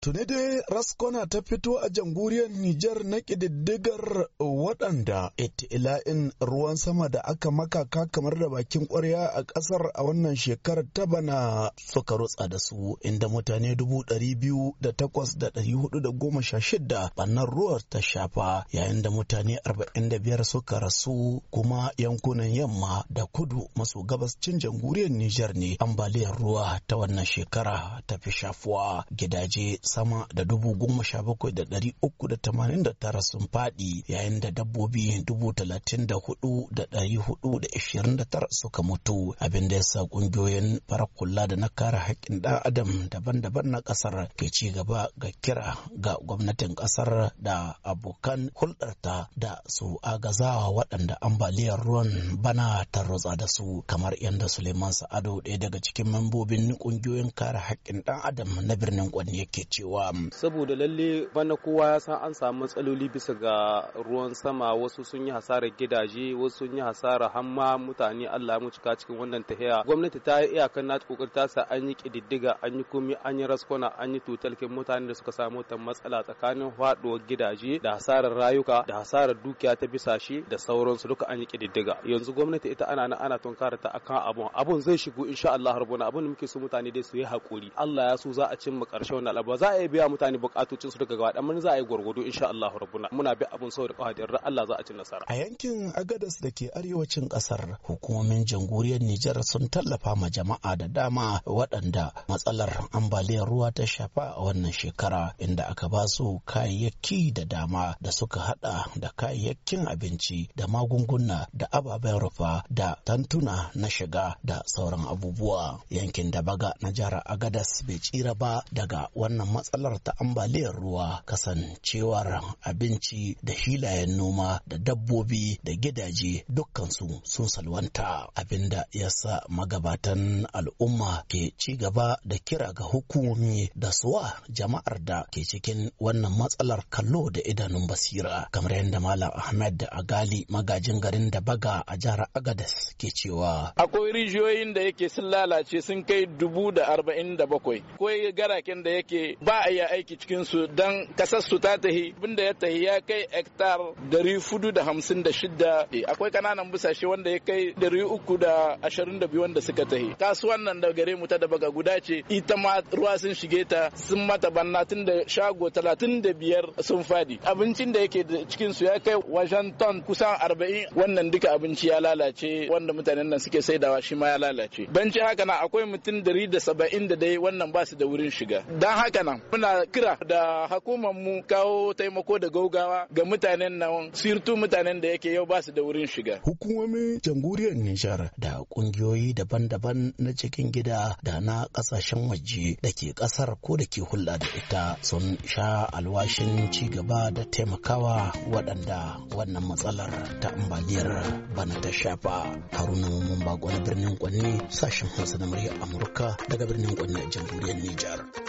Tuni dai Raskona ta fito a jamhuriyar Nijar na ƙididdigar waɗanda itila'in ruwan sama da aka makaka kamar da bakin ƙwarya a ƙasar a wannan shekarar ta bana suka rutsa da su inda mutane dubu ɗari biyu da takwas da ɗari hudu da goma sha shida bannan ruwar ta shafa yayin da mutane arba'in da biyar suka rasu kuma yankunan yamma da kudu maso gabas cin jamhuriyar Nijar ne ambaliyar ruwa ta wannan shekara ta fi shafuwa gidaje sama da dubu goma sha bakwai da ɗari uku da tamanin da tara sun faɗi yayin da dabbobi dubu talatin da hudu da ɗari hudu da ishirin da tara suka mutu abin da ya sa ƙungiyoyin farar kula da na kare haƙƙin ɗan adam daban-daban na ƙasar ke ci gaba ga kira ga gwamnatin ƙasar da abokan hulɗarta da su agazawa waɗanda ambaliyar ruwan bana ta rutsa da su kamar yadda Suleiman Sa'adu ɗaya daga cikin mambobin ƙungiyoyin kare haƙƙin ɗan adam na birnin Kwanne yake ci. cewa um, saboda lalle bana kowa ya san an samu matsaloli bisa ga ruwan sama wasu sun yi hasarar gidaje wasu sun yi hasarar hamma mutane Allah mu cika cikin wannan tahiya gwamnati ta yi iyakan na kokari ta sa an yi kididdiga an yi komi an yi raskona an yi tutalkin mutane da suka samu ta matsala tsakanin faduwar gidaje da hasarar rayuka da hasarar dukiya ta bisa shi da sauransu duka an yi kididdiga yanzu gwamnati ita ana nan ana tunkara ta akan abun abun zai shigo insha Allah harbuna abun da muke so mutane dai su yi hakuri Allah ya so za a cimma karshen wannan za za a biya mutane bukatocin su daga gaba dan mun za a yi gwargwado insha Allah rabbuna muna bi abun sau da Allah za a ci nasara a yankin Agadas da ke arewacin kasar hukumomin jamhuriyar Nijar sun tallafa ma jama'a da dama waɗanda matsalar ambaliyar ruwa ta shafa a wannan shekara inda aka ba su kayayyaki da dama da suka hada da kayayyakin abinci da magunguna da ababen rufa da tantuna na shiga da sauran abubuwa yankin da baga na jihar Agadas bai tsira ba daga wannan matsalar ta ambaliyar ruwa kasancewar abinci da hilayen noma da dabbobi da gidaje dukkansu sun salwanta abinda ya sa magabatan al'umma ke ci gaba da kira ga hukumi da suwa jama'ar da ke cikin wannan matsalar kallo da idanun basira kamar yadda malam ahmed agali magajin garin da baga a jihar agadas ke cewa akwai rijiyoyin da yake sun lalace sun kai dubu da arba'in da bakwai akwai garaken da yake ba a yi aiki cikin su dan kasar su ta tahi Binda ya tahi ya kai hektar dari fudu da hamsin da shida eh, akwai kananan busashe wanda ya kai dari uku da ashirin da biyu wanda suka tahi kasuwan nan da gare mu ta da baga guda ce ita ma ruwa sun shige ta sun mata banna tun da shago talatin da biyar sun fadi abincin da yake cikin su ya kai wajen ton kusan arba'in wannan duka abinci ya lalace wanda mutanen nan suke saidawa shi ma ya lalace banci haka na akwai mutum dari da saba'in da dai wannan ba su da wurin shiga dan haka nan nan muna kira da hakuman mu kawo taimako da gaugawa ga mutanen nan sirtu mutanen da yake yau ba su da wurin shiga hukumomin jamhuriyar Nijar da kungiyoyi daban-daban na cikin gida da na kasashen waje da ke kasar ko da ke hulɗa da ita sun sha alwashin ci gaba da taimakawa waɗanda wannan matsalar ta ambaliyar bana ta shafa haruna mamman ba birnin kwanne sashen hausa na murya amurka daga birnin kwanne jamhuriyar Nijar.